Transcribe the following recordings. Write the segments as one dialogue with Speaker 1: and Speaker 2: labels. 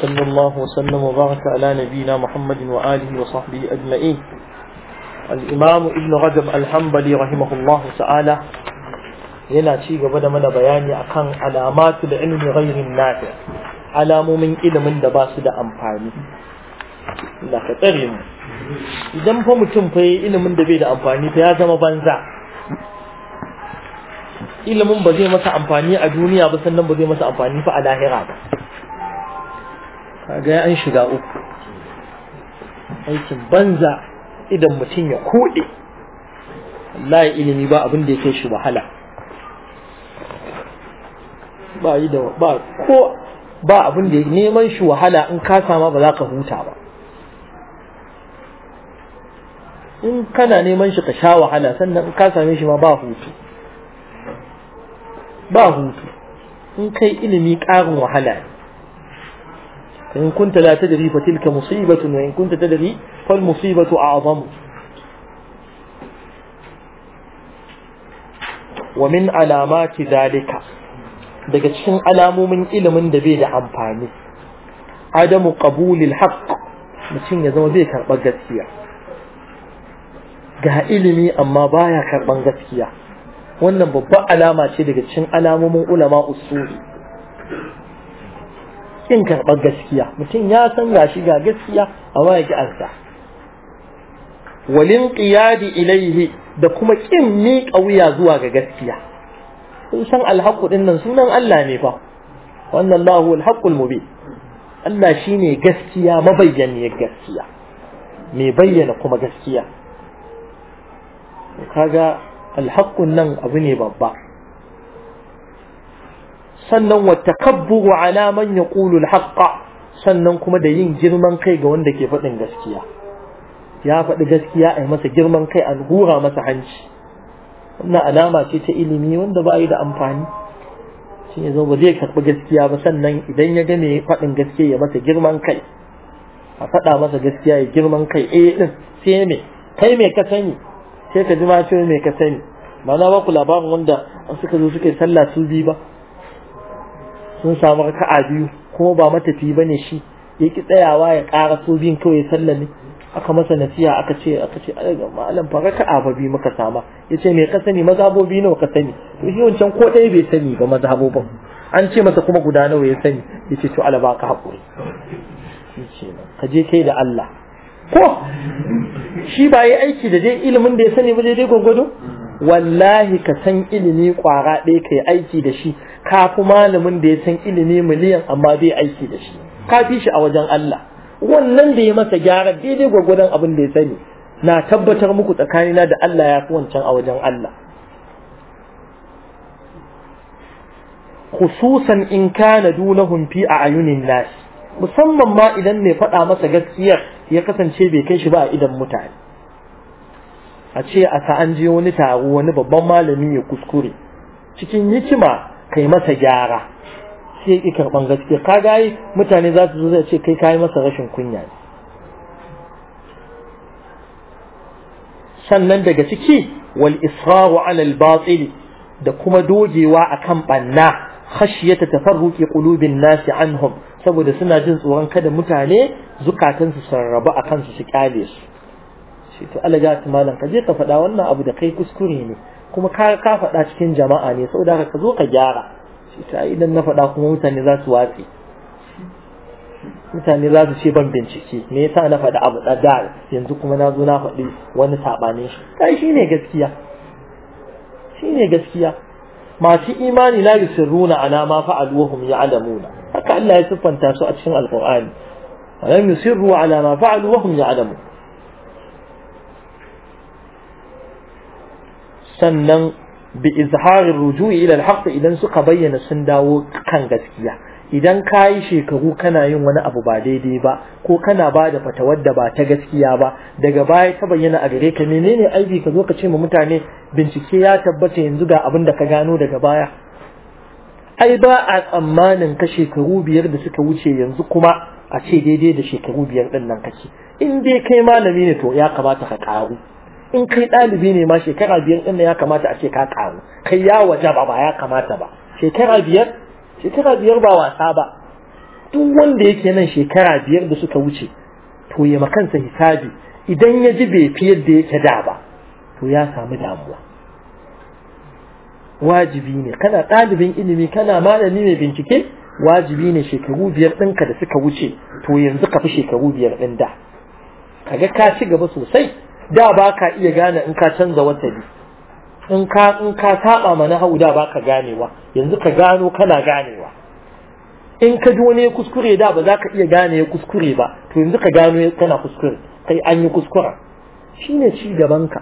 Speaker 1: صلى الله وسلم وبارك على نبينا محمد وآله وصحبه أجمعين الإمام ابن رجب الحنبلي رحمه الله تعالى yana cigaba da mana bayani akan alamatu da ilmi ghairin nafi alamomin ilimin da ba su da amfani da ka idan fa mutum fa ilimin da bai da amfani fa ya zama banza ilimin ba zai masa amfani a duniya ba sannan ba zai masa amfani fa a lahira ba kaga an shiga uku aikin banza idan mutum ya kuɗe wallahi ilimi ba abin da yake shi wahala ba yi da ba ko ba abin da neman shi wahala in ka sama ba za ka huta ba in kana neman shi ka sha wahala sannan in ka same shi ma ba hutu ba hutu in kai ilimi ƙarin wahala ne in kunta la tadri fa tilka musibatun wa in kunta tadri fal musibatu a'zamu wa min alamati dalika daga cikin alamomin ilimin da bai da amfani adamu qabulil haqq mutum ya zama zai karɓar gaskiya ga ilimi amma baya karɓar gaskiya wannan babbar alama ce daga cikin alamomin ulama usuli ƙin karɓar gaskiya mutum ya san ga shi ga gaskiya a waye ki arsa walin qiyadi ilaihi da kuma ƙin miƙa wuya zuwa ga gaskiya kun san alhaqu din nan sunan Allah ne fa wannan Allahu alhaqu mubin Allah shine gaskiya mabayyaniyar gaskiya mai bayyana kuma gaskiya kaga alhaqqun nan abu ne babba sannan wa takabburu ala man yaqulu alhaqqa sannan kuma da yin girman kai ga wanda ke faɗin gaskiya ya faɗi gaskiya a masa girman kai a gura masa hanci wannan alama ce ta ilimi wanda ba yi da amfani shi ya zo ba zai karɓi gaskiya ba sannan idan ya gane faɗin gaskiya ya masa girman kai a faɗa masa gaskiya ya girman kai eh din sai me kai me ka sani sai ka ji ma me ka sani ba ba ku labarin wanda suka zo suka yi sallah su bi ba sun samu raka'a biyu kuma ba matafi ba ne shi yaki tsayawa ya ƙara so biyun kawai ya sallame aka masa nasiya aka ce aka ce malam fa raka'a fa bi muka sama yace me ka sani mazhabobi nawa ka sani to shi wancan ko ɗaya bai sani ba mazhabobin an ce masa kuma guda nawa ya sani yace to alaba baka hakuri ka je kai da Allah ko shi ba yi aiki da dai ilimin da ya sani ba dai gwagwado wallahi ka san ilimi kwara ɗaya ka yi aiki da shi ka fi malamin da ya san ilimi miliyan amma bai aiki da shi ka fi shi a wajen Allah wannan da ya masa gyara daidai gwagwadon abin da ya sani na tabbatar muku tsakanina da Allah ya fi wancan a wajen Allah khususan in kana dunahum fi ayunin nas musamman ma idan ne faɗa masa gaskiyar ya kasance bai kai shi ba a idan mutane a ce a ta an je wani taro wani babban malami ya kuskure cikin hikima kai masa gyara sai ki karban gaske ka gayi mutane za su zo zai ce kai kai masa rashin kunya sannan daga ciki wal israru ala al batil da kuma dogewa akan banna khashiyata tafarruqi qulubin nasi anhum saboda suna jin tsoron kada mutane zukatansu a akan su su kyale su ce to alaga ta malam ka je ka faɗa wannan abu da kai kuskure ne kuma ka ka faɗa cikin jama'a ne saboda haka ka zo ka gyara ce ta idan na faɗa kuma mutane za su watse mutane za su ce ban bincike me yasa na faɗa abu da da yanzu kuma na zo na faɗi wani saɓanin shi kai shine gaskiya shine gaskiya masu imani la yusirruna ala ma fa'alu wa hum ya'lamuna haka Allah ya siffanta su a cikin alqur'ani alam yusirru ala ma fa'alu wa hum ya'lamun sannan bi izharin ruju'i ila al idan suka bayyana sun dawo kan gaskiya idan ka shekaru kana yin wani abu ba daidai ba ko kana ba da fatawar da ba ta gaskiya ba daga baya ta bayyana a gare ka menene aiki ka zo ka ce ma mutane bincike ya tabbata yanzu ga abin da ka gano daga baya ai ba a tsammanin ka shekaru biyar da suka wuce yanzu kuma a ce daidai da shekaru biyar din nan kake in dai kai malami ne to ya kamata ka karu in kai ɗalibi ne ma shekara biyar ɗin ya kamata a ce ka ƙaru kai ya waje ba ba ya kamata ba shekara biyar shekara biyar ba wasa ba duk wanda yake nan shekara biyar da suka wuce to ya makansa hisabi idan ya ji bai fi yadda yake da ba to ya samu damuwa wajibi ne kana ɗalibin ilimi kana malami mai bincike wajibi ne shekaru biyar ɗinka da suka wuce to yanzu ka fi shekaru biyar ɗin da kaga ka ci gaba sosai da ba ka iya gane in ka canza watanni, in ka in ka saba mana nahawu da ba ka ganewa yanzu ka gano kana ganewa in ka ji wani kuskure da ba za ka iya gane ya kuskure ba to yanzu ka gano kana kuskure kai an yi kuskura shine ci gaban ka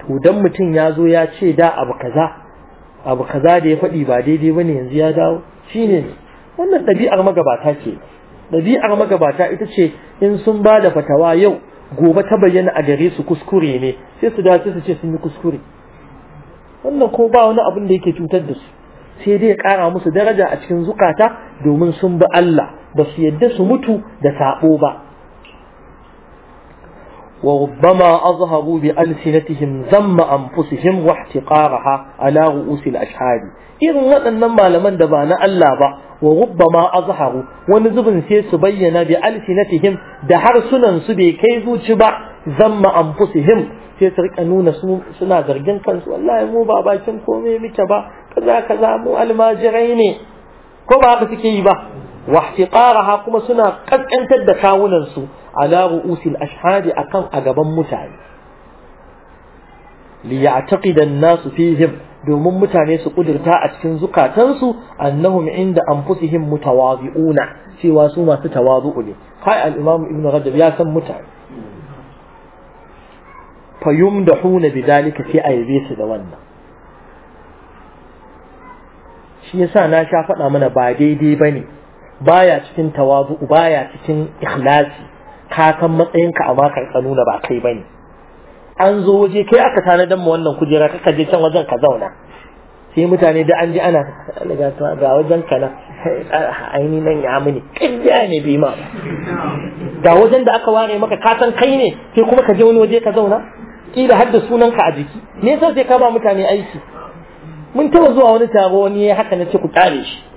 Speaker 1: to dan mutum ya zo ya ce da abu kaza abu kaza da ya faɗi ba daidai bane yanzu ya dawo shine wannan ɗabi'ar magabata ce ɗabi'ar magabata ita ce in sun ba da fatawa yau gobe ta bayyana a gare su kuskure ne sai su dace su ce sun yi kuskure wannan ko ba wani abin da yake cutar da su sai dai ya kara musu daraja a cikin zukata domin sun bi Allah ba su yadda su mutu da sabo ba وربما أظهروا بألسنتهم ذم أنفسهم واحتقارها على رؤوس الأشهاد إذن وأنما لمن دبانا ألا با وربما أظهروا ونزبن سيس بينا بألسنتهم دهر سنن سبي كيفو شبع ذم أنفسهم سيسرق أنون سنا زرقن كنس الله مو بابا كم كومي مكبا كذا كذا مو الماجرين كما أغسكي با kuma واحتقارها كما سنة قد أنت الدكاونا ashhadi akan رؤوس الأشهاد mutane li ya'taqida an الناس fihim domin mutane su kudurta a cikin zukatansu annahum inda anfusihim mutawazi'una cewa su masu tawazu'u ne kai al-imam ibn rajab ya san mutane huna bidalika sai a yabe su da wannan shi yasa na sha faɗa mana ba daidai bane baya cikin tawazu baya cikin ikhlasi ka san matsayinka amma ka nuna ba kai bane an zo waje kai aka dan mu wannan kujera kaka je can wajen ka zauna sai mutane da an ji ana ga wajen ka na aini nan ya mini ƙirya ne bi ma ga wajen da aka ware maka ka san kai ne sai kuma ka je wani waje ka zauna kila hadda sunan sunanka a jiki me yasa sai ka ba mutane aiki mun taba zuwa wani taro ne haka na ce ku tare shi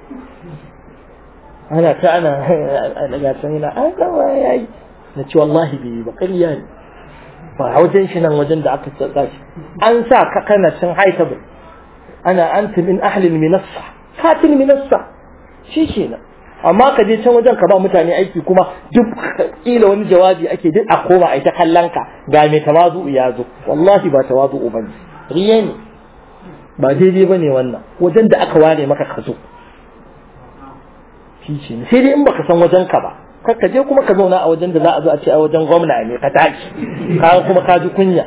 Speaker 1: أنا فعلا أنا قاعد سنين أنا وياي نتي والله بي بقل يعني فوجن شنان وجن دعك تسقاش أنسى كقنا سنحاي تبل أنا أنت من أهل المنصة كاتل المنصة شي شينا amma ka je can wajen ka ba mutane aiki kuma duk kila wani jawabi ake duk a koma a ita kallon ka ga mai tawazu ya zo wallahi ba tawazu bane riye ne ba daidai bane wannan wajen da aka ware maka ka zo shi ne sai dai in baka san wajen ka ba ka je kuma ka zauna a wajen da za a zo a ce a wajen gwamna ne ka tashi ka kuma ka ji kunya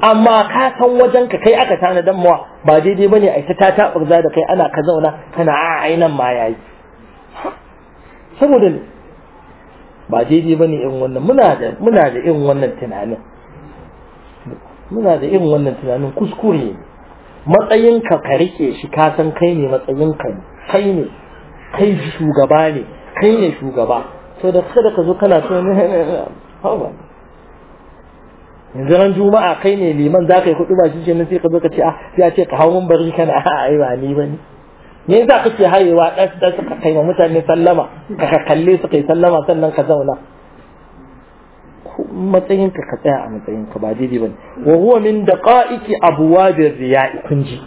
Speaker 1: amma ka san wajen ka kai aka tana dan mawa ba daidai bane a ta tata burza da kai ana ka zauna kana a ainan ma yayi saboda ba daidai bane in wannan muna da muna da irin wannan tunanin muna da irin wannan tunanin kuskure matsayinka ka rike shi ka san kai ne matsayinka kai ne kai shugaba ne kai ne shugaba so da kada ka zo kana so hawa yanzu ran juma'a kai ne liman za ka yi kuɗi ba shi kenan sai ka zo ka ce ah, a ya ce ka hau bari kana a ai ba ni ba ne me yasa kake hayewa ɗan ɗan suka kai ma mutane sallama ka kalle su kai sallama sannan ka zauna matsayinka ka tsaya a matsayin matsayinka ba daidai ba ne wa huwa min daqa'iqi abwadir riya'i kunji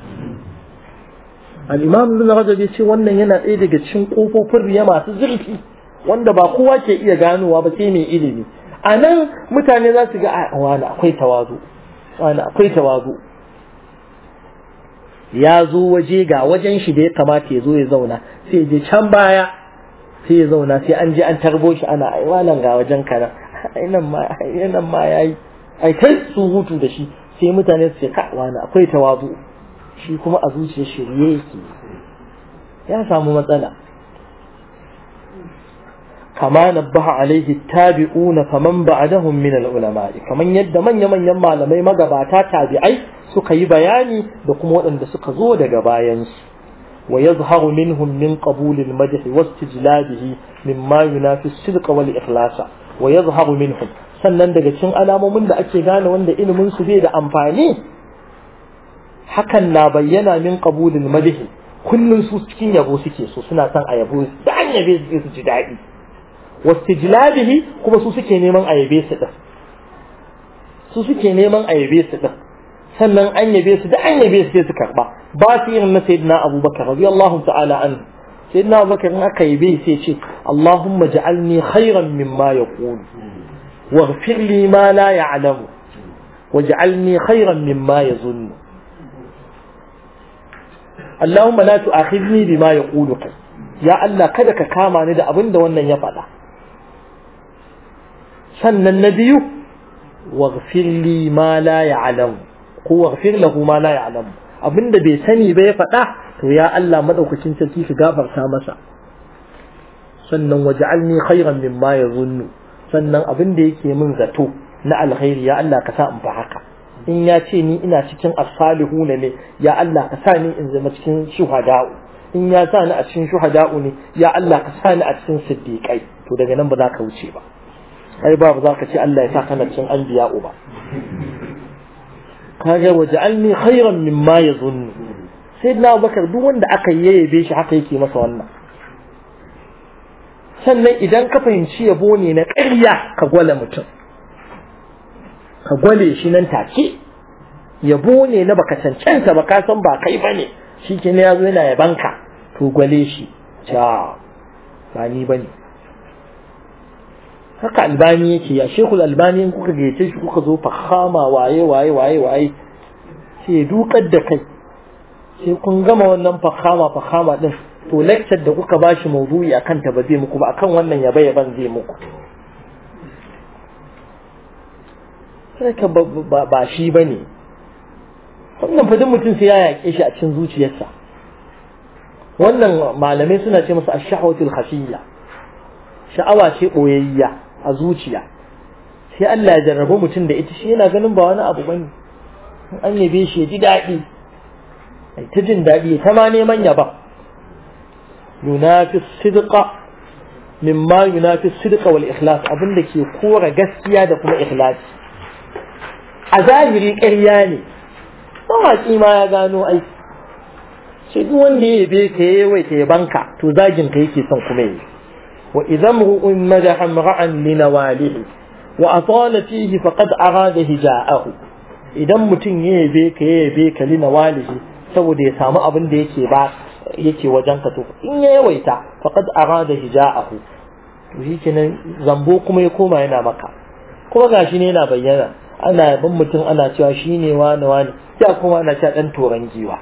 Speaker 1: al-imam ibn rajab ce wannan yana ɗaya daga cikin kofofin riya masu zurfi wanda ba kowa ke iya ganowa ba sai mai ilimi a nan mutane za su ga a ah, wani akwai tawazu wani akwai tawazu ya zo waje ga wajen shi da ya kamata ya zo ya zauna sai ya je can baya sai ya zauna sai an je an tarbo shi ana ai wannan ga wajen kana ai nan ma ai nan ma yayi ai kai su hutu da shi sai mutane su ce ka wani akwai tawazu shi kuma a zuciya shirye yake ya samu matsala kama a alaihi tabi'una faman ba'dahum min al ulamai kaman yadda manya manyan malamai magabata tabi'ai suka yi bayani da kuma waɗanda suka zo daga bayan su wa yazharu minhum min qabul majihi wasu wa min mimma yunafi fi shirka wal ikhlasa wa yazharu minhum sannan daga cikin alamomin da ake gane wanda ilimin su bai da amfani hakan na bayyana min qabulil madh kullun su cikin yabo suke so suna son a yabo da an yabe su su ji dadi wastijlabihi kuma su suke neman a yabe su din su suke neman a yabe su din sannan an yabe su da an yabe su sai su karba ba su irin na sayyidina abubakar radiyallahu ta'ala anhu sayyidina abubakar in aka yabe sai ce allahumma ja'alni khairan mimma yaqulu واغفر لي ما لا يعلم واجعلني خيرا مما يظن اللهم لا تؤاخذني بما يقولك يا الله كذا كما ندى أبن دا ونن يفعل سنن النبي واغفر لي ما لا يعلم هو واغفر له ما لا يعلم أبن دا بيسني بيفعل ويا الله مدوك كنتكي فقافر سامسا sannan waj'alni khayran mimma yazunnu sannan abin da yake min zato na alkhairi ya Allah ka sa in fa in ya ce ni ina cikin asalihu ne ne ya Allah ka sa in zama cikin shuhada'u in ya sa a cikin shuhada'u ne ya Allah ka sa a cikin siddiqai to daga nan ba za ka wuce ba ai ba za ka ce Allah ya sa kana cikin anbiya'u ba kaga waj'alni khayran mimma Sai sayyidina Abubakar duk wanda aka yayyabe shi haka yake masa wannan sannan idan ka fahimci yabo ne na ƙarya ka gwala mutum ka gwale shi nan take yabo ne na baka cancanta ba ka san ba kai ba ne shi ke ya zo yana yabanka to gwale shi ta ba ni ba ne haka albani yake ya shekul albani in kuka gece shi kuka zo fahama waye waye waye waye sai dukar da kai sai kun gama wannan fahama fahama din to lecture da kuka bashi maudu'i akan ta ba zai muku ba akan wannan yaba yaban zai muku ka ba shi ba ne wannan fadin mutum sai ya yaƙe shi a cikin zuciyarsa wannan malamai suna ce masa ash-shahawatul khafiyya sha'awa ce ɓoyayya a zuciya sai Allah ya jarrabu mutum da ita shi yana ganin ba wani abu bane in an yabe shi ya ji daɗi ai ta jin daɗi ta ma neman yaba yunafi sidqa mimma yunafi sidqa wal ikhlas abinda ke kora gaskiya da kuma ikhlasi a zahiri ƙarya ne mawaƙi ma ya gano ai ce duk wanda ya yabe ka ya yawai ta ka to zagin ka yake son kuma yi wa idan ru'un madaha ra'an li nawalihi wa atala fihi faqad arada hija'ahu idan mutum ya yabe ka ya yabe ka li nawalihi saboda ya samu abin da yake ba yake wajen ka to in ya yawaita faqad arada hija'ahu to shi kenan zambo kuma ya koma yana maka kuma gashi ne yana bayyana ana yaban mutum ana cewa ne wani wani ya kuma ana cewa dan toron giwa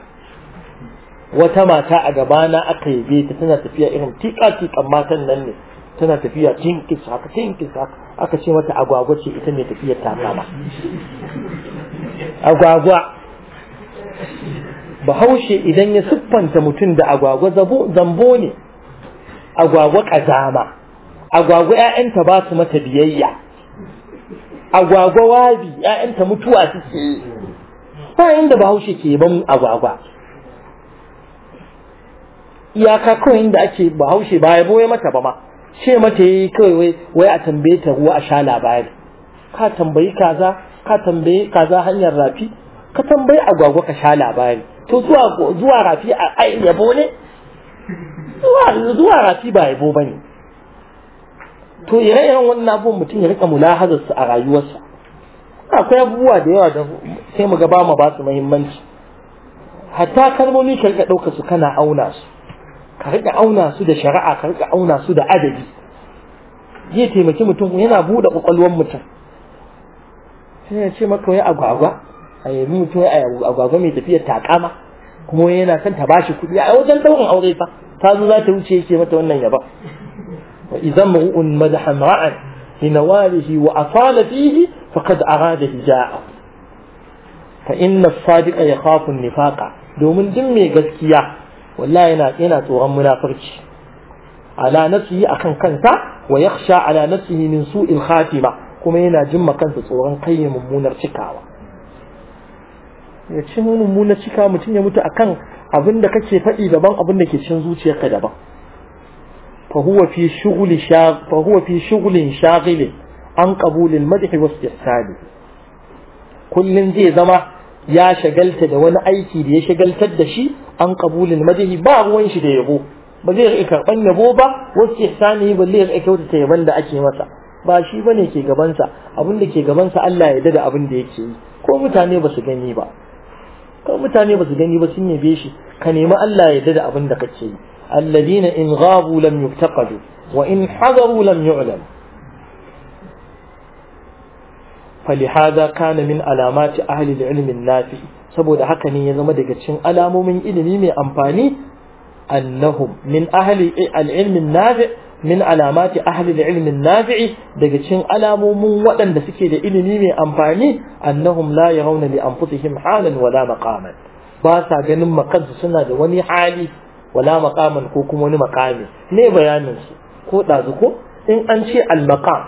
Speaker 1: wata mata a gabana aka yabe ta tana tafiya irin tika tikan matan nan ne tana tafiya tinkis haka tinkis haka aka ce mata agwagwa ce ita ne tafiyar ta kama agwagwa bahaushe idan ya siffanta mutum da agwagwa zambo ne agwagwa kazama agwagwa 'ya'yanta ba su mata biyayya agwagwa wabi ‘ya'yanta mutuwa suke yi ba inda bahaushe ke ban agwagwa iyaka kawai inda ake bahaushe ba ya boye mata ba ma ce mata yi kawai wai a tambaye ta ruwa a sha labari ka tambayi kaza ka tambayi kaza hanyar rafi ka tambayi agwagwa ka sha labari to zuwa rafi a bo ne zuwa rafi ba yabo ba ne to ire-iren wannan abubuwan mutum ya rika su a rayuwarsa akwai abubuwa da yawa da sai mu gaba mu ba su muhimmanci hatta kalmomi ka rika dauka su kana auna su ka rika auna su da shari'a ka rika auna su da adadi zai taimaki mutum yana buɗe kwakwalwar mutum sai ya ce maka wai agwagwa a yanzu mutum ya agwagwa mai tafiyar takama kuma yana son ta bashi kuɗi a wajen ɗaurin aure fa ta zo za ta wuce yake mata wannan yaba وإذا امرؤ مدح امرأ لنواله وأطال فيه فقد أراد هجاء فإن الصادق يخاف النفاق دوم دمي قسكيا والله ينا ينا تغم منافرك على نفسه أكن كنت ويخشى على نفسه من سوء الخاتمة كما ينا جم كنت صورا قيم من شكاوة يتشنون من شكاوة متن يموت أكن أبن دكتش فئي دبان أبن دكتش نزوتي يكدبان فهو في شغل شاغ فهو في شغل شاغل عن قبول المدح واستحسانه kullun zai zama ya shagalta da wani aiki da ya shagaltar da shi an qabulin madahi ba ruwan shi da yabo ba zai rika karban yabo ba wasu ihsani ba zai rika kyautata yaban da ake masa ba shi bane ke gabansa abin da ke gabansa Allah ya yarda da abin da yake yi ko mutane ba su gani ba ko mutane ba su gani ba sun yabe shi ka nemi Allah ya yarda da abin da kake yi الذين إن غابوا لم يعتقدوا وإن حضروا لم يعلم فلهذا كان من علامات أهل العلم النافع saboda haka ne ya zama daga cikin alamomin ilimi mai amfani annahum min ahli al-ilmin nafi min daga cikin alamomin waɗanda suke da ilimi mai amfani annahum la yarawna li anfusihim halan wala maqaman ba sa ganin makansu suna da wani hali wala maqaman ko kuma wani maqami ne bayanin su ko dazu ko in an ce al maqam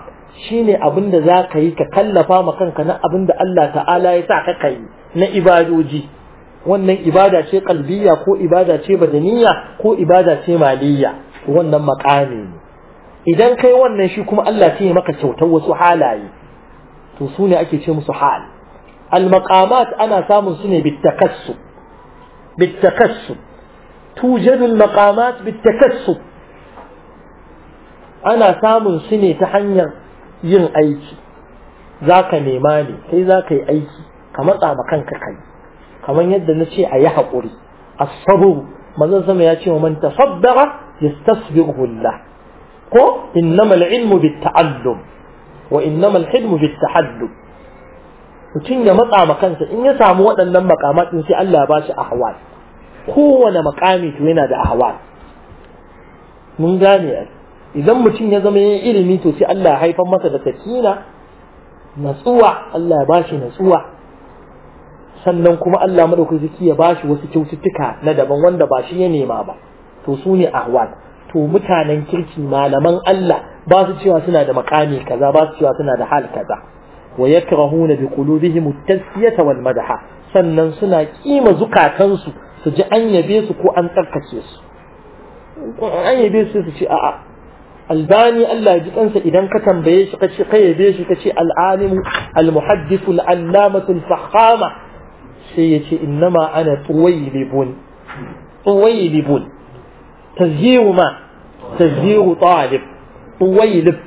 Speaker 1: shine abin da za ka yi ka kallafa ma kanka na abin da Allah ta'ala ya sa ka kai na ibadoji wannan ibada ce kalbiya ko ibada ce badaniya ko ibada ce maliya wannan makami ne idan kai wannan shi kuma Allah sai ya maka kyautar wasu halaye to su ne ake ce musu hal al maqamat ana samun su ne bitakassu bitakassu توجد المقامات بالتكسب أنا سامن سني تحنيا ين أيكي ذاك نيماني كي ذاك أيكي كما تعب كنك كي كما يد نشي أيها قري الصبر ما نزم يأتي ومن تصبر يستصبره الله هو إنما العلم بالتعلم وإنما الحلم بالتحلم وكين يمطع مكانك إن يسعى موطن لما قامت نسي ألا باش أحوال kowane makami to yana da ahwal mun gane idan mutum ya zama yin ilimi to sai Allah ya haifar masa da sakina natsuwa Allah ya bashi natsuwa sannan kuma Allah madaukaki ya bashi wasu kyaututtuka na daban wanda ba shi ya nema ba to su ne ahwal to mutanen kirki malaman Allah ba su cewa suna da makami kaza ba su cewa suna da hal kaza wa yakrahuna bi qulubihim at-tasfiyata wal madha sannan suna kima zukatansu su ji an yabe su ko an tsarkake su an yabe su su ce a'a albani Allah ji kansa idan ka tambaye shi ka ce ka yabe shi ka ce al'alimu al-muhaddithu al-allamatu al-fahama sai ya ce innama ana tuwaylibun tuwaylibun tazyiru ma tazyiru talib tuwaylib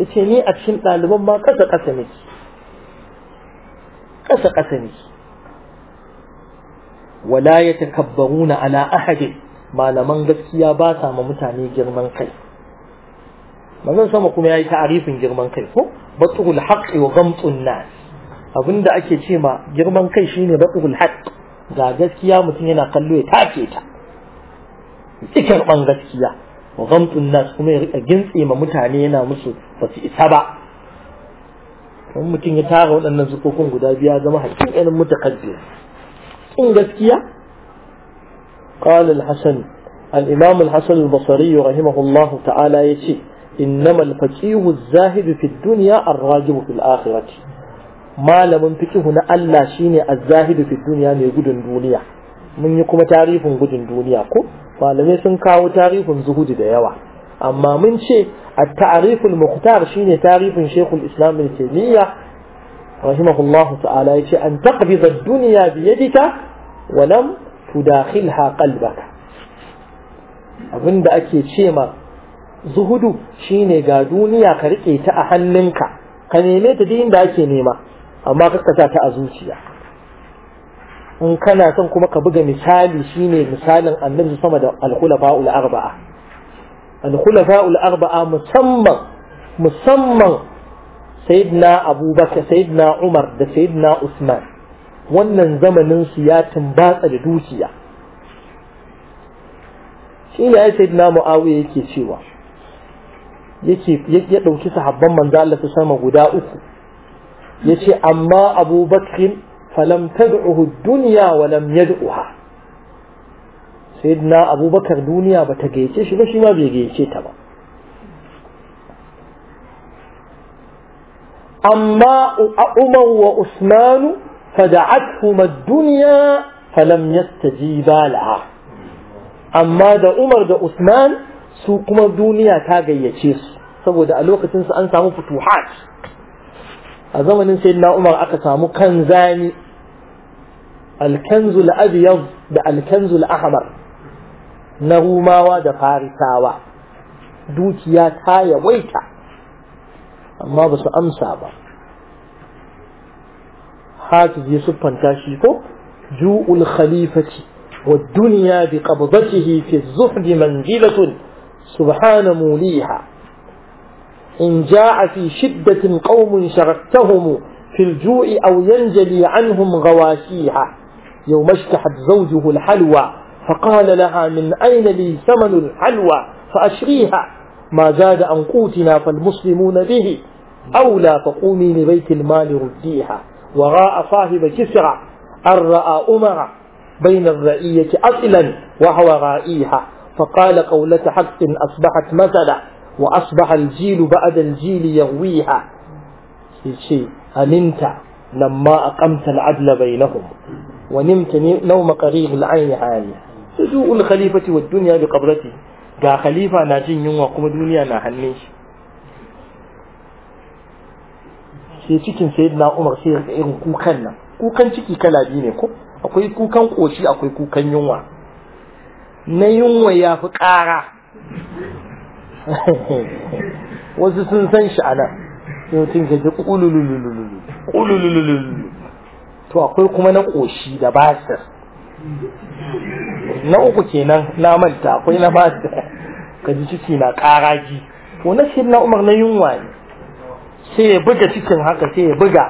Speaker 1: yace ni a cikin daliban ma kasa kasa ne kasa kasa ne wala ya na ala ahadi malaman gaskiya ba sa ma mutane girman kai manzon sama kuma yayi ta'arifin girman kai ko batul haqqi wa ghamtun nas abinda ake ce ma girman kai shine batul haqq ga gaskiya mutum yana kallo ya take ta cikin ban gaskiya wa ghamtun nas kuma ya rika gintse ma mutane yana musu ba su isa ba in mutum ya tara waɗannan zukokun guda biya zama hakikalin mutakabbir إن قال الحسن الإمام الحسن البصري رحمه الله تعالى يتي إنما الفقيه الزاهد في الدنيا الراجب في الآخرة ما لم هنا ألا شيني الزاهد في الدنيا من قد دنيا من يكم تعريف قد دنيا كو فلم يسن كاو تعريف زهود da أما من شيء التعريف المختار شيني تعريف شيخ الإسلام من تيمية رحمه الله تعالى يتي أن تقبض الدنيا بيدك ولم تداخلها قلبك abin da ake ce ma zuhudu shine ga duniya ka rike ta a hannunka ka neme ta duk inda ake nema amma kakkata ta a zuciya in kana son kuma ka buga misali shine misalin annabi sama da al-khulafa'ul arba'a al-khulafa'ul arba'a musamman musamman sayyidina abubakar sayyidina umar da sayyidina usman wannan zamanin su ya tumbatsa da dukiya shi ne ai sayyidina muawiya yake cewa ya ɗauki sahabban manzo Allah su sama guda uku yace amma abubakar falam tad'uhu dunya wa lam yad'uha sayyidina abubakar duniya bata gayyace shi ba shi ma bai gayyace ta ba أما أمر وأثمان فدعتهما الدنيا فلم يستجيبا لها أما دا عمر دا أثمان سوكما الدنيا تاغيتشيس سبو دا ألوك تنسى أن سامو فتوحات أزمن سيدنا عمر أكا سامو كنزاني الكنز الأبيض دا الكنز الأحمر نغوماوا دا فارساوا دوتيا تايا ويتا amma ba su amsa ba hafiz ya siffanta shi ko ju'ul khalifati wa dunya bi qabdatihi fi zuhd manzilatun subhana muliha in ja'a fi shiddatin qaumun sharaktahum في الجوع أو ينجلي عنهم غواشيها يوم اشتحت زوجه الحلوى فقال لها من أين لي ثمن الحلوى فأشريها ما زاد عن قوتنا فالمسلمون به أو لا تقومي لبيت المال رديها وراء صاحب كسرى أن رأى أمر بين الرئية أصلا وهو رائيها فقال قولة حق أصبحت مثلا وأصبح الجيل بعد الجيل يغويها شيء أمنت لما أقمت العدل بينهم ونمت نوم قريب العين عالية سجوء الخليفة والدنيا بقبرته قال خليفة ناجين وقم الدنيا نحنيش sai cikin sayyidina Umar sai ga irin kukan nan kukan ciki kala biyu ne ko akwai kukan koshi akwai kukan yunwa na yunwa ya fi ƙara wasu sun san shi a nan mutum ya ji ƙulululululu to akwai kuma na ƙoshi da basir na uku kenan na manta akwai na basir ka ji ciki na ƙara ji to na shi na umar na yunwa ne sai ya buga cikin haka sai ya buga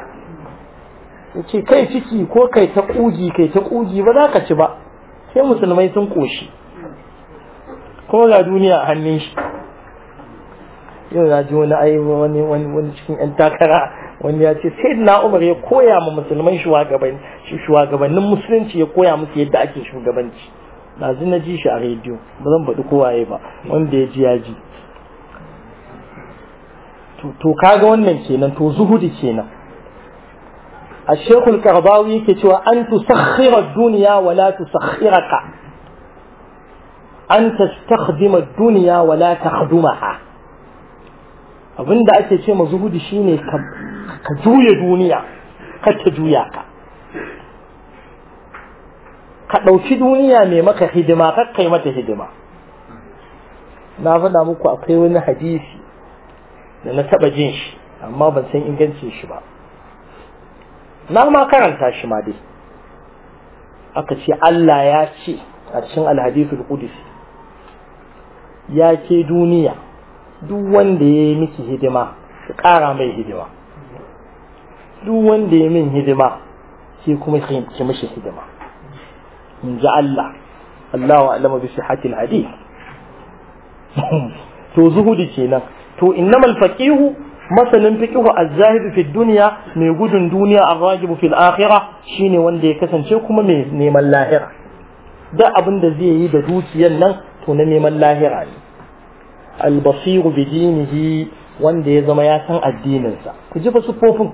Speaker 1: ce kai ciki ko kai ta ƙugi kai ta ƙugi ba za ka ci ba sai musulmai sun ƙoshi ko ga duniya a hannun shi yau ya ji wani ai wani wani cikin yan takara wani ya ce sai na umar ya koya ma musulman shugabannin musulunci ya koya musu yadda ake shugabanci ji na ji shi a rediyo ba zan faɗi kowaye ba wanda ya ji ya ji to kaga wannan kenan to zuhudi kenan الشيخ الكرباوي كتوى أن تسخر الدنيا ولا تسخرك أن تستخدم الدنيا ولا تخدمها abin da ake ce ma zuhudi shine ka juya duniya kar ta juya ka ka ɗauki duniya mai maka hidima kar kai mata hidima na faɗa muku akwai wani hadisi da na taɓa jin shi amma ban san ingancin shi ba na ma karanta shi ma dai aka ce Allah ya ce a cikin alhadisul qudsi ya ke duniya duk wanda ya yi miki hidima ki ƙara mai hidima duk wanda ya min hidima ki kuma ki mishi hidima in ji Allah Allahu alama bi sihhatil hadith to zuhudi kenan to innamal faqihu masanin fiqhu az zahid fi dunya mai gudun duniya ar fi fil akhirah shine wanda ya kasance kuma mai neman lahira da abin da zai yi da dukiyar nan to na neman lahira ne al-basiru bi dinihi wanda ya zama ya san addininsa ku ji fa sufofin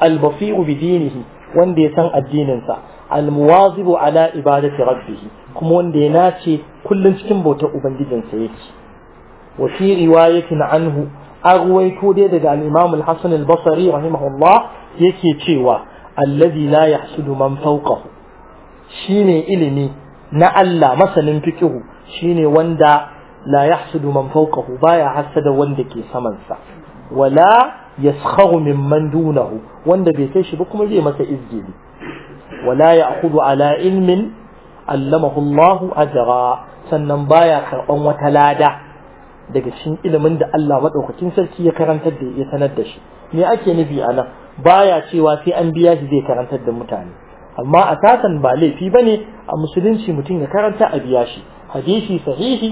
Speaker 1: al-basiru bi dinihi wanda ya san addininsa al-muwazibu ala ibadati rabbih kuma wanda ya nace kullun cikin bautar ubangijinsa yake wa fi riwayatin anhu arwaito dai daga al-Imam al-Hasan yake cewa allazi la yahsudu man fawqahu shine ilimi na Allah masanin fiqhu shine wanda la yahsudu man fawqahu baya hasada wanda ke saman sa wala yaskharu mimman dunahu wanda bai kai shi ba kuma zai masa izgili wala ya'khudhu ala ilmin allamahu Allah ajra sannan baya karɓan wata lada daga cikin ilimin da Allah madaukakin sarki ya karantar da ya sanar da shi me ake nufi a nan baya cewa sai an biya shi zai karantar da mutane amma a tasan ba laifi bane a musulunci mutum ya karanta a biya shi hadisi sahihi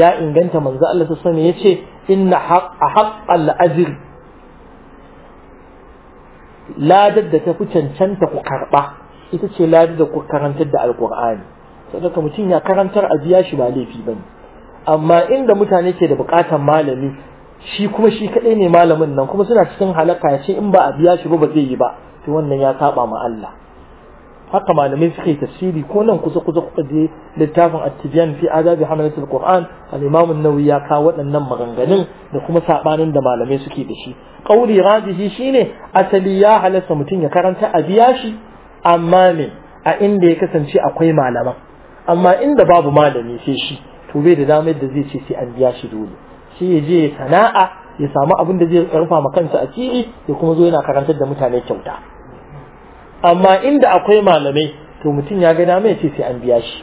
Speaker 1: ya inganta manzo Allah ta sani yace inna haqqa haqqal ajr ladar da ta fi cancanta ku karba ita ce ladar da ku karantar da alqur'ani saboda mutum ya karantar a biya shi ba laifi bane amma inda mutane ke da bukatan malami shi kuma shi kadai ne malamin nan kuma suna cikin halaka ya ce in ba a biya shi ba ba zai yi ba to wannan ya saba ma Allah haka malamai suke tafsiri ko nan kusa kusa kuka je littafin at-tibyan fi adabi hamalatul qur'an al-imam an-nawawi ya kawo waɗannan maganganun da kuma sabanin da malamai suke da shi qauli rajihi shine asali ya halasta mutum ya karanta a biya shi amma ne a inda ya kasance akwai malaman amma inda babu malami sai shi to bai da damar da zai ce sai an biya shi dole shi ya je sana'a ya samu abin da zai rufa ma kansa a ciki ya kuma zo yana karantar da mutane kyauta amma inda akwai malamai to mutum ya ga dama ya ce sai an biya shi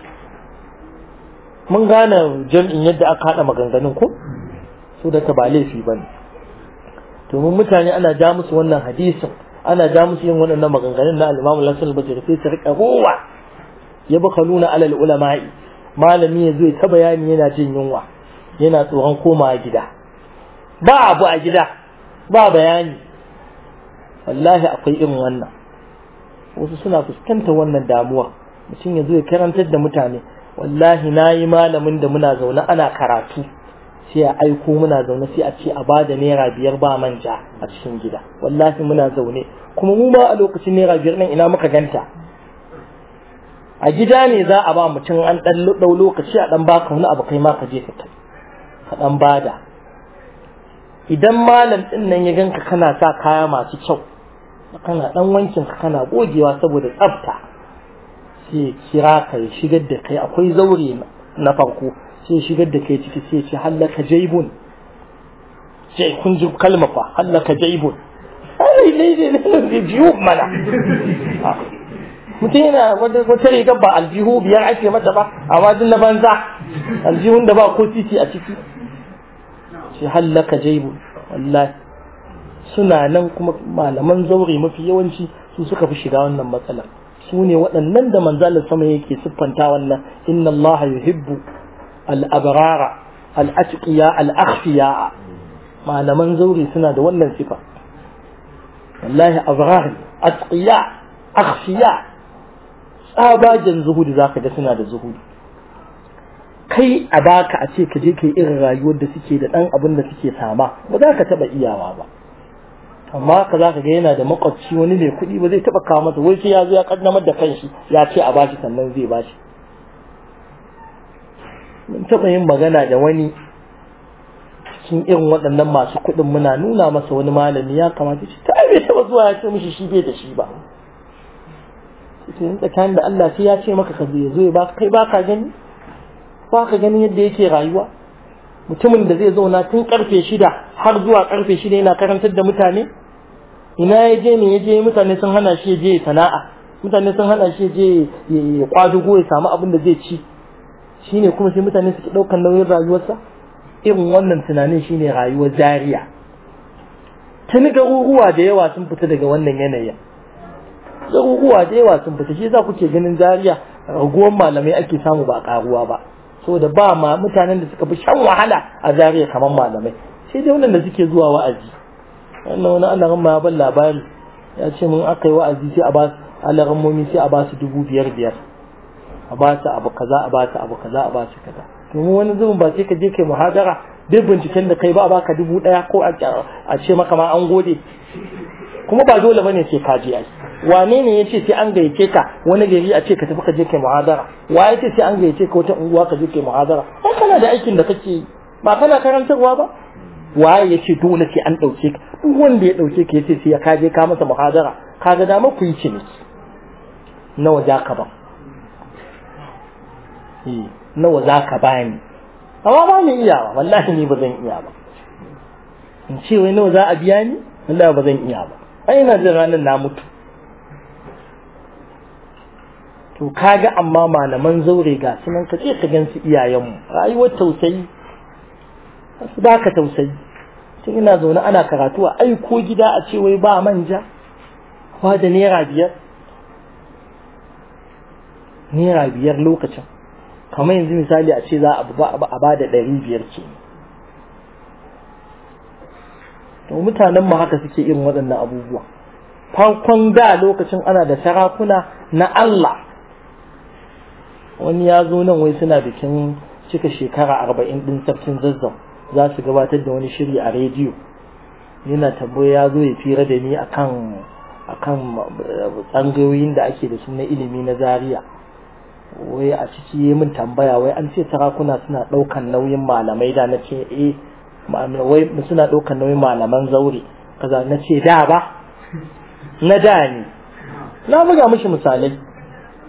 Speaker 1: mun gane jam'in yadda aka haɗa maganganun ko so da ba laifi bane domin mutane ana ja musu wannan hadisin ana ja musu yin wannan maganganun na al-Imam Al-Hasan al-Basri sai su rika ruwa alal ulama'i malami yanzu ya ta bayani yana jin yunwa yana tsoron koma gida ba abu a gida ba bayani wallahi akwai irin wannan wasu suna fuskantar wannan damuwa mutum yanzu ya karantar da mutane wallahi na yi malamin da muna zaune ana karatu sai a aiko muna zaune sai a ce a ba da naira biyar ba manja a cikin gida wallahi muna zaune kuma mu ba a lokacin naira biyar nan ina muka ganta a gida ne za a ba mutum an ɗan ɗau lokaci a ɗan baka wani abu kai ma ka je ka ka ɗan bada idan malam ɗin nan ya ganka kana sa kaya masu kyau kana ɗan wankin ka kana gogewa saboda tsafta sai kira ka shigar da kai akwai zaure na farko sai shigar da kai ciki sai ce hallaka jaibun sai kun ji kalma fa hallaka jaibun ai ne ne ne ne biyu mana mutum yana wata riga ba aljihu biyar ake mata ba a wajen na banza aljihun da ba ko titi a ciki shi hallaka jaibu wallahi suna nan kuma malaman zaure mafi yawanci su suka fi shiga wannan matsalar su ne waɗannan da manzalar sama yake siffanta wannan inna allaha yuhibbu al-abrara al-atqiya al-akhfiya malaman zaure suna da wannan sifa wallahi abrar atqiya akhfiya tsabagen zuhudu za ka ga suna da zuhudu kai a baka a ce ka je ka yi irin rayuwar da suke da ɗan abin da suke sama ba za ka taɓa iyawa ba amma ka za ka ga yana da makwabci wani mai kuɗi ba zai taɓa kawo masa wai sai ya zo ya ƙaddamar da kanshi ya ce a bashi sannan zai bashi mun taɓa yin magana da wani cikin irin waɗannan masu kuɗin muna nuna masa wani malami ya kamata shi ta bai taɓa zuwa ya ce mishi shi bai da shi ba sai tsakanin da Allah sai ya ce maka ka zai zo ba kai ba ka gani ba ka gani yadda yake rayuwa mutumin da zai zauna tun karfe shida har zuwa karfe shida yana karantar da mutane ina ya je ne ya je mutane sun hana shi je sana'a mutane sun hana shi je ya kwadugo ya samu abin da zai ci shine kuma sai mutane suke ɗaukar nauyin rayuwarsa irin wannan tunanin shine rayuwar zariya tuni garuruwa da yawa sun fita daga wannan yanayin garuruwa da yawa sun fita shi za kuke ganin zariya raguwar malamai ake samu ba a karuwa ba so da ba ma mutanen da suka fi shan wahala a zariya kamar malamai sai dai wannan da suke zuwa wa'azi wannan wani alaran ma ban labari ya ce mun aka yi wa'azi sai a ba su alaran momi sai a ba su dubu biyar biyar a ba su abu kaza a ba su abu kaza a ba su kaza domin wani zubin ba sai ka je kai muhadara duk binciken da kai ba a baka dubu ɗaya ko a ce maka ma an gode kuma ba dole bane sai ka je ai wane ne yace sai an gayyace ka wani gari a ce ka tafi ka je kai muhadara wa yace sai an gayyace ka wata unguwa ka je kai muhadara ba kana da aikin da kake ba kana karantarwa ba wa yace dole sai an dauke ka duk wanda ya dauke ka yace sai ka je ka masa muhadara kaga da ma ku yi ciniki nawa za ka ba eh, nawa za ka bani amma ba ni iya ba wallahi ni ba zan iya ba in ce wai nawa za a biya ni wallahi ba zan iya ba ai ina jin ranar na mutu to kaga amma malaman zaure ga sunan ka ce ka gansu iyayenmu rayuwar tausayi su da ka tausayi tun ina zaune ana karatu a aiko gida a ce wai ba manja ba da naira biyar naira biyar lokacin kamar yanzu misali a ce za a ba da ɗari biyar ce. to mutanen mu haka suke irin waɗannan abubuwa farkon da lokacin ana da sarakuna na Allah wani ya zo nan wai suna bikin cika shekara arba'in ɗin sarkin zazzau za su gabatar da wani shiri a rediyo yana tambaya ya zo ya fira da ni akan akan eh, tsangayoyin da ake da su na ilimi na Zariya, wai a ciki yi min tambaya wai an ce sarakuna suna ɗaukan nauyin malamai da na ce eh wai suna ɗaukar nauyin malaman zaure kaza na ce da ba na da ne na buga mishi misali.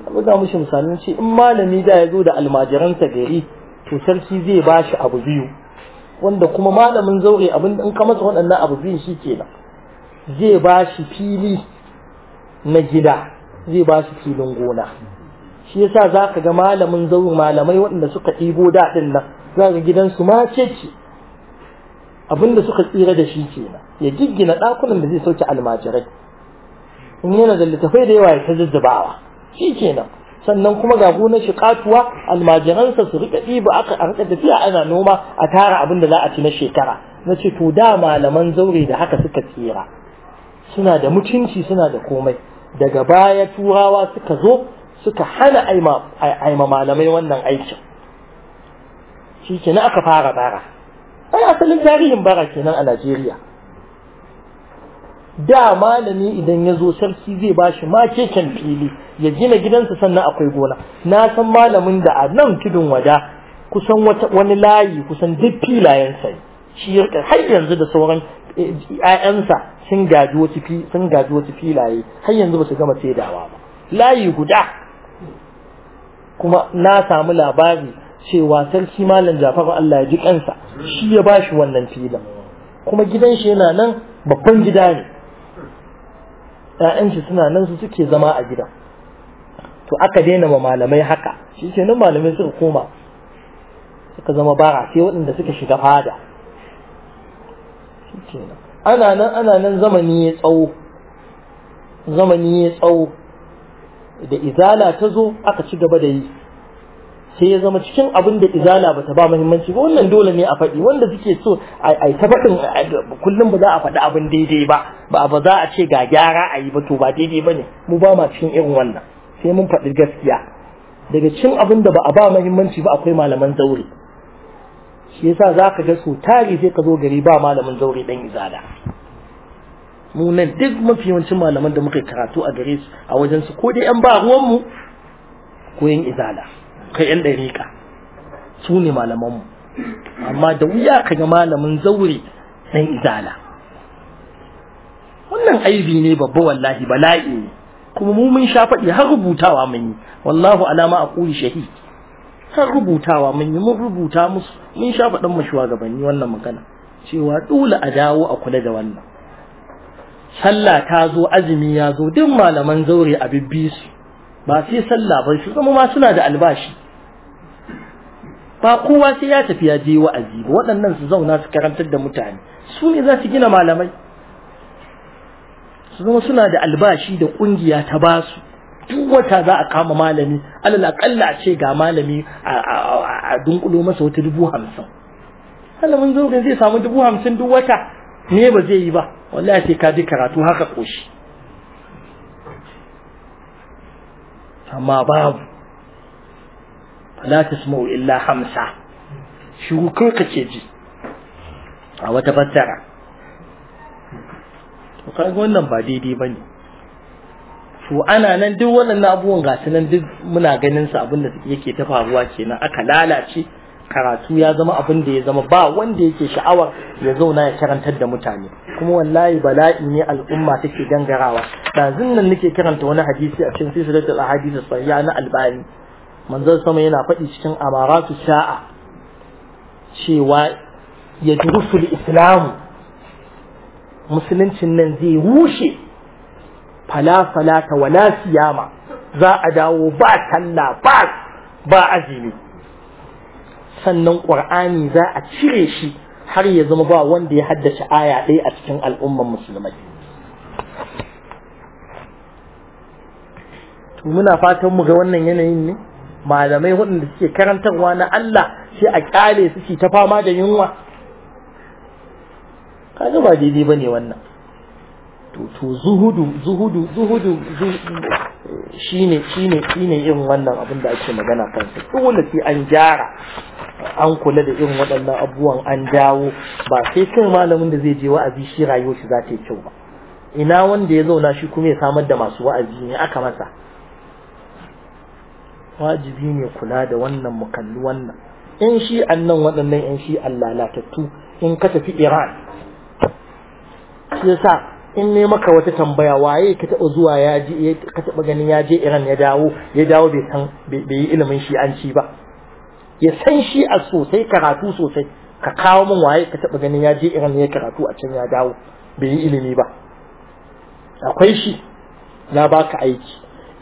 Speaker 1: na buga mishi misalin ce in malami da ya zo da almajiransa gari to sarki zai ba shi abu biyu wanda kuma malamin zaure abin in ka masa waɗannan abu biyu shi kenan zai ba shi fili na gida zai ba shi filin gona shi yasa za ka ga malamin zaure malamai waɗanda suka ɗibo daɗin nan za ka gidansu ma ce ce abinda suka tsira da shi kenan ya giggina ɗakunan da zai sauke almajirai in yana da littafai da yawa ya ta zuzzubawa shi kenan sannan kuma ga gonar shi katuwa almajiransa su rika ɗiba aka a rika tafiya ana noma a tara abin da za a ci na shekara na ce to da malaman zaure da haka suka tsira suna da mutunci suna da komai daga baya turawa suka zo suka hana aima malamai wannan aikin shi aka fara bara ai asalin tarihin bara kenan a Najeriya da malami idan ya zo sarki zai ba shi makeken fili ya gina gidansa sannan akwai gona na san malamin da a nan tudun wada kusan wani layi kusan duk filayensa shi har yanzu da sauran ‘ya'yansa eh, sun gaji wasu sun gaji wasu filaye har yanzu ba su gama saidawa ba layi guda kuma na samu labari cewa sarki malam jafaru Allah ya ji kansa shi ya bashi wannan filin kuma gidan shi yana nan babban gida ne shi suna nan su suke zama a gidan to aka daina ma malamai haka shi ke nan malamai suka koma suka zama bara sai waɗanda suka shiga fada ana nan ana nan zamani ya tsawo zamani ya tsawo da izala ta zo aka ci gaba da yi sai ya zama cikin abin da izala bata ba muhimmanci ba wannan dole ne a faɗi wanda suke so a ta faɗin kullum ba za a faɗi abin daidai ba ba ba za a ce ga gyara a yi ba to ba daidai ba ne mu ba ma cikin irin wannan sai mun faɗi gaskiya daga cikin abin da ba a ba muhimmanci ba akwai malaman zaure shi yasa za ka ga su tari sai ka zo gari ba malamin zaure dan izala mu nan duk mafi yawancin malaman da muka karatu a gare su a wajen su ko dai yan ba ruwan mu ko izala kai yan ɗariƙa su ne malamanmu amma da wuya ka ga malamin zaure ɗan izala wannan aibi ne babba wallahi bala'i ne kuma mu mun sha faɗi har rubutawa mun yi wallahu alama a ƙuri shahi. har rubutawa mun yi mun rubuta musu mun sha faɗin mu shugabanni wannan magana cewa dole a dawo a kula da wannan sallah ta zo azumi ya zo duk malaman zaure a bibbi ba sai sallah ba su zama ma suna da albashi ba kowa sai ya tafi ya je wa'azi ba waɗannan su zauna su karantar da mutane su ne za su gina malamai su zama suna da albashi da ƙungiya ta ba su duk wata za a kama malami alal aƙalla a ce ga malami a dunkulo masa wata dubu hamsin malamin zogin zai samu dubu hamsin duk wata ne ba zai yi ba wallahi sai ka ji karatu haka koshi amma babu fala tasma'u illa hamsa shiru ka kake ji a wata fassara to kaga wannan ba daidai bane to ana nan duk wannan abubuwan gasu nan duk muna ganin su abin yake ta faruwa kenan aka lalace karatu ya zama abin da ya zama ba wanda yake sha'awar ya zauna ya karantar da mutane kuma wallahi bala'i ne al'umma take gangarawa Dazun nan nake karanta wani hadisi a cikin silsilatul ahadith sahiha na albani manzon sama yana faɗi cikin amaratu sha'a cewa ya durusul islam musuluncin nan zai rushe fala ta wala siyama za a dawo ba talla ba ba azumi sannan ƙur'ani za a cire shi har ya zama ba wanda ya haddace aya ɗaya a cikin al'umman musulmai to muna fatan mu ga wannan yanayin ne malamai waɗanda suke karantarwa na Allah shi a ƙyale su ta fama da yunwa kaga ba daidai ne wannan to to zuhudu zuhudu zuhudu shine shine shine irin wannan abin da ake magana kansa dole sai an gyara an kula da irin waɗannan abubuwan an dawo ba sai kin malamin da zai je wa'azi shi rayuwar shi za ta yi kyau ba ina wanda ya zauna shi kuma ya samar da masu wa'azi ne aka masa wajibi ne kula da wannan mu kalli wannan in shi annan waɗannan in shi Allah latattu in ka tafi iran shi yasa in ne maka wata tambaya waye ka taɓa zuwa ya je ka taɓa ganin ya je Iran ya dawo ya dawo bai san bai yi ilimin shi an ci ba ya san shi a sosai karatu sosai ka kawo min waye ka taɓa ganin ya je Iran ya karatu a can ya dawo bai yi ilimi ba akwai shi na baka aiki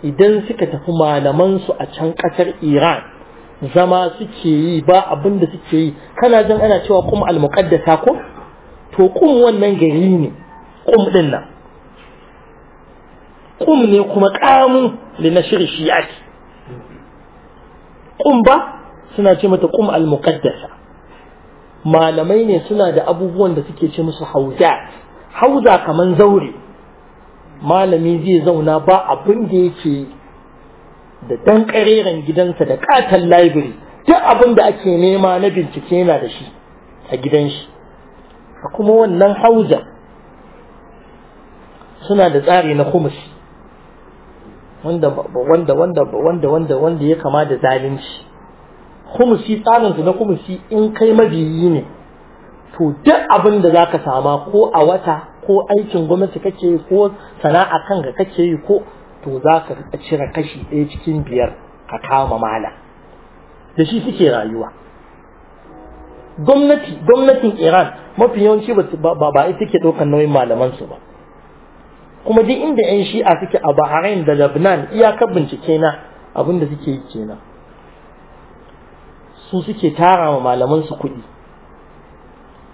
Speaker 1: idan suka tafi malaman su a can kasar Iran zama suke yi ba abin da suke yi kana jin ana cewa kuma al-muqaddasa ko to kum wannan gari ne kum din nan kum ne kuma na shirin shi shi'at kum ba suna ce mata kum al-muqaddasa malamai ne suna da abubuwan da suke ce musu hauza hauza kaman zaure malami zai zauna ba abin da yake da dan kareren gidansa da ƙaton library duk abin da ake nema na bincike yana da shi a gidan shi a kuma wannan hauza suna da tsari na khumus wanda wanda wanda ya kama da zalunci khumusi tsarin su na kumusi in kai mabiyi ne to duk abin da zaka sama ko a wata ko aikin gwamnati kake yi ko sana'a kan ga kake yi ko to zaka cire kashi ɗaya cikin biyar ka kama mala da shi suke rayuwa gwamnati gwamnatin Iran mafi yawanci ba ba ita ke ɗaukar nauyin malamansu ba kuma duk inda yan shi'a suke a Bahrain da Lebanon iyakar bincike na abin da suke yi kenan su suke tara wa malaman su kuɗi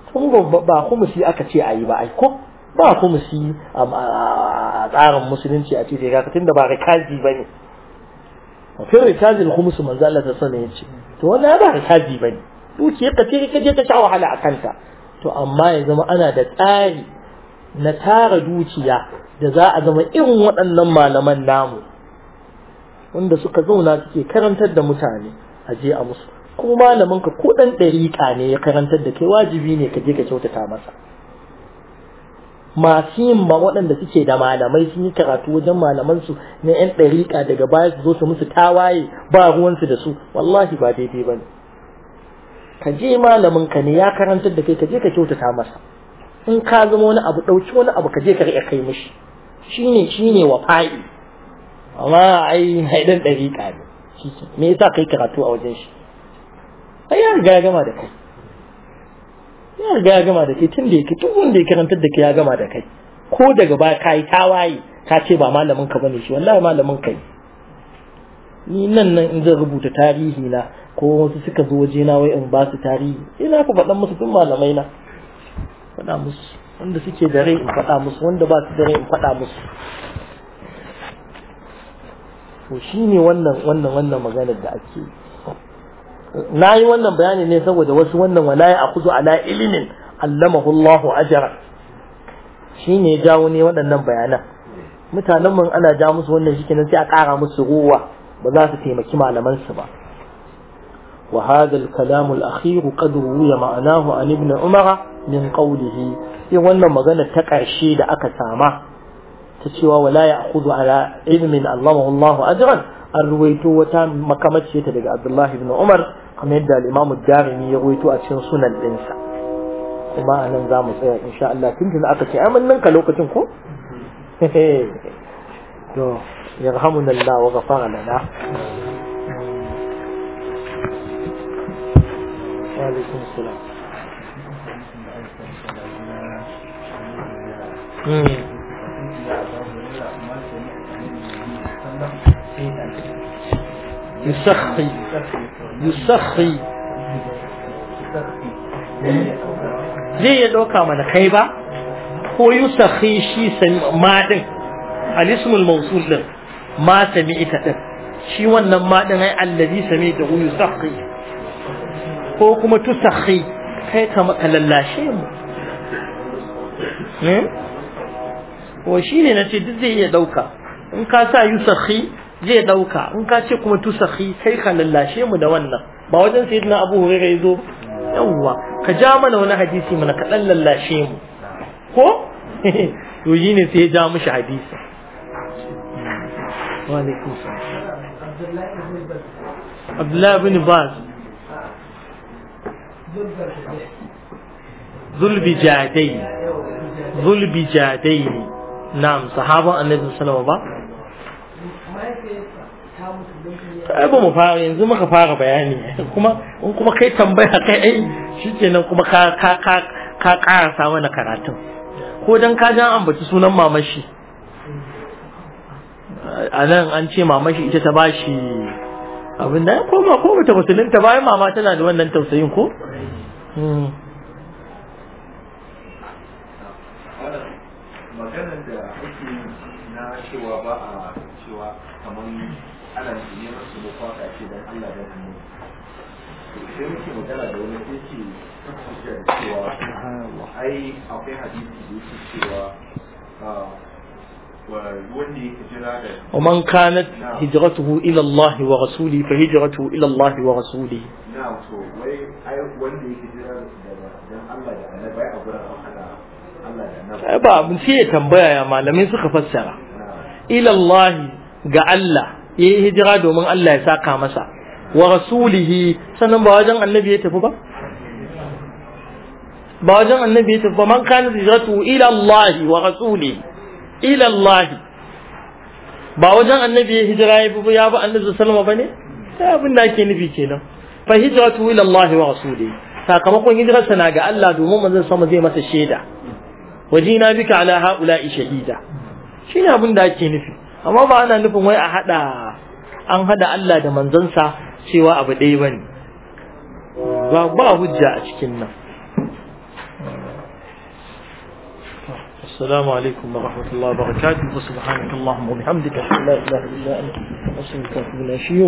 Speaker 1: kun ba kumusi aka ce a yi ba ai ko ba kumusi a tsarin musulunci a ce sai kaka tunda ba rikazi ba ne a fi kuma su manzo Allah ta sani ya ce to wannan ba rikazi ba ne dukiyar ka ce ka je ka sha wahala a kanta to amma ya zama ana da tsari na tara dukiya da za a zama irin waɗannan malaman namu wanda suka zauna suke karantar da mutane a je a musu ko malamin ka ko ɗan ɗariƙa ne ya karantar da kai wajibi ne ka je ka kyautata masa masu yin ma waɗanda suke da malamai sun yi karatu wajen malaman su na 'yan ɗariƙa daga baya su zo su musu tawaye ba ruwansu da su wallahi ba daidai ba ne ka je malamin ka ne ya karantar da kai ka je ka kyautata masa in ka zama wani abu ɗauki wani abu ka je ka kai mishi ne wa fa'i amma ai haidan ɗariƙa ne me yasa kai karatu a wajen shi ai ya riga ya gama da kai ya riga ya gama da kai tun da yake tun wanda ya karantar da kai ya gama da kai ko daga baya ka yi tawaye ka ce ba malamin ka bane shi wallahi malamin kai ni nan nan in zan rubuta tarihi na ko wasu suka zo waje na wai in ba su tarihi ina ku faɗan musu tun malamai na faɗa musu wanda suke da rai in faɗa musu wanda ba su da rai in faɗa musu to ne wannan wannan wannan maganar da ake na yi wannan bayani ne saboda wasu wannan wala ya akuzu ala ilimin allamahu Allahu ajara Shi ne jawo ne waɗannan bayanan mutanen mun ana ja musu wannan shi kenan sai a ƙara musu ruwa ba za su taimaki malamansu ba وهذا الكلام الأخير قد روي معناه عن ابن عمر من قوله يقول ما قال تقع الشيء دا أكا ساما تسوى ولا يأخذ على علم الله الله أجرا الرويت وتا مكامت شيء عبد الله بن عمر كما يدى الإمام الدارمي يرويت أتشن سنن الإنسا وما أنا nan za mu tsaya insha Allah tun tun aka ce amin nan ka lokacin ko to yarhamunallah وعليكم السلام يسخي يسخي زي يدوكا من خيبة هو يسخي شي سن ما دن الاسم الموصول ما سمعت شي ون ما دن الذي سمعته يسخي ko kuma tusakhi kai ka maka lallashe mu eh? ne ko shine nace duk zai iya dauka in ka sa yusakhi zai dauka in ka ce kuma tusakhi kai ka lallashe mu da wannan ba wajen sayyidina Abu Hurairah yazo yawwa ka ja mana wani hadisi mana ka dan lallashe mu ko to ne sai ya ja mushi hadisi wa alaikum salam Abdullah ibn Baz jadai zulbijadai na'am sahaban annabi sallallahu ba ai ba mu fara yanzu muka fara bayani kuma in kuma kai tambaya kai ai shikenan kuma ka ka ka ka karasa mana karatun ko dan ka an ambaci sunan mamashi a nan an ce mamashi ita ta bashi abin da ya koma ko bata musulunta bayan mama tana da wannan tausayin ko hmm. maganar da ake na cewa ba a cewa kamar ana ka ce don Allah da da wani sai cewa ai akwai da yake cewa
Speaker 2: ah, ومن كانت
Speaker 1: هجرته إلى الله ورسوله فهجرته إلى الله ورسوله ba mun sai ya tambaya ya malamai suka fassara ila Allah ga Allah ya yi hijira domin Allah ya saka masa wa rasulihi sannan ba wajen annabi ya tafi ba ba wajen annabi ya tafi ba man kana hijratu ila Allah wa rasulihi ila ba wajen annabi ya hijira ya bubu ya bi annabi sallama bane sai abin da ake nufi kenan fa hijratu ila Allah wa rasuli sakamakon hijirarsa na ga Allah domin manzon sama zai masa shaida wajina bika ala haula'i shahida shine abin da ake nufi amma ba ana nufin wai a hada an hada Allah da manzansa cewa abu ɗaya bane ba ba hujja a cikin nan السلام عليكم ورحمة الله وبركاته وسبحانك اللهم وبحمدك لا إله إلا أنت
Speaker 2: أصلك من